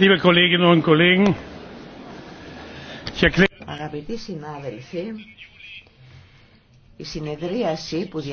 Liebe Kolleginnen und Kollegen, ich erkläre. Αγαπητοί συνάδελφοι, η συνεδρίαση που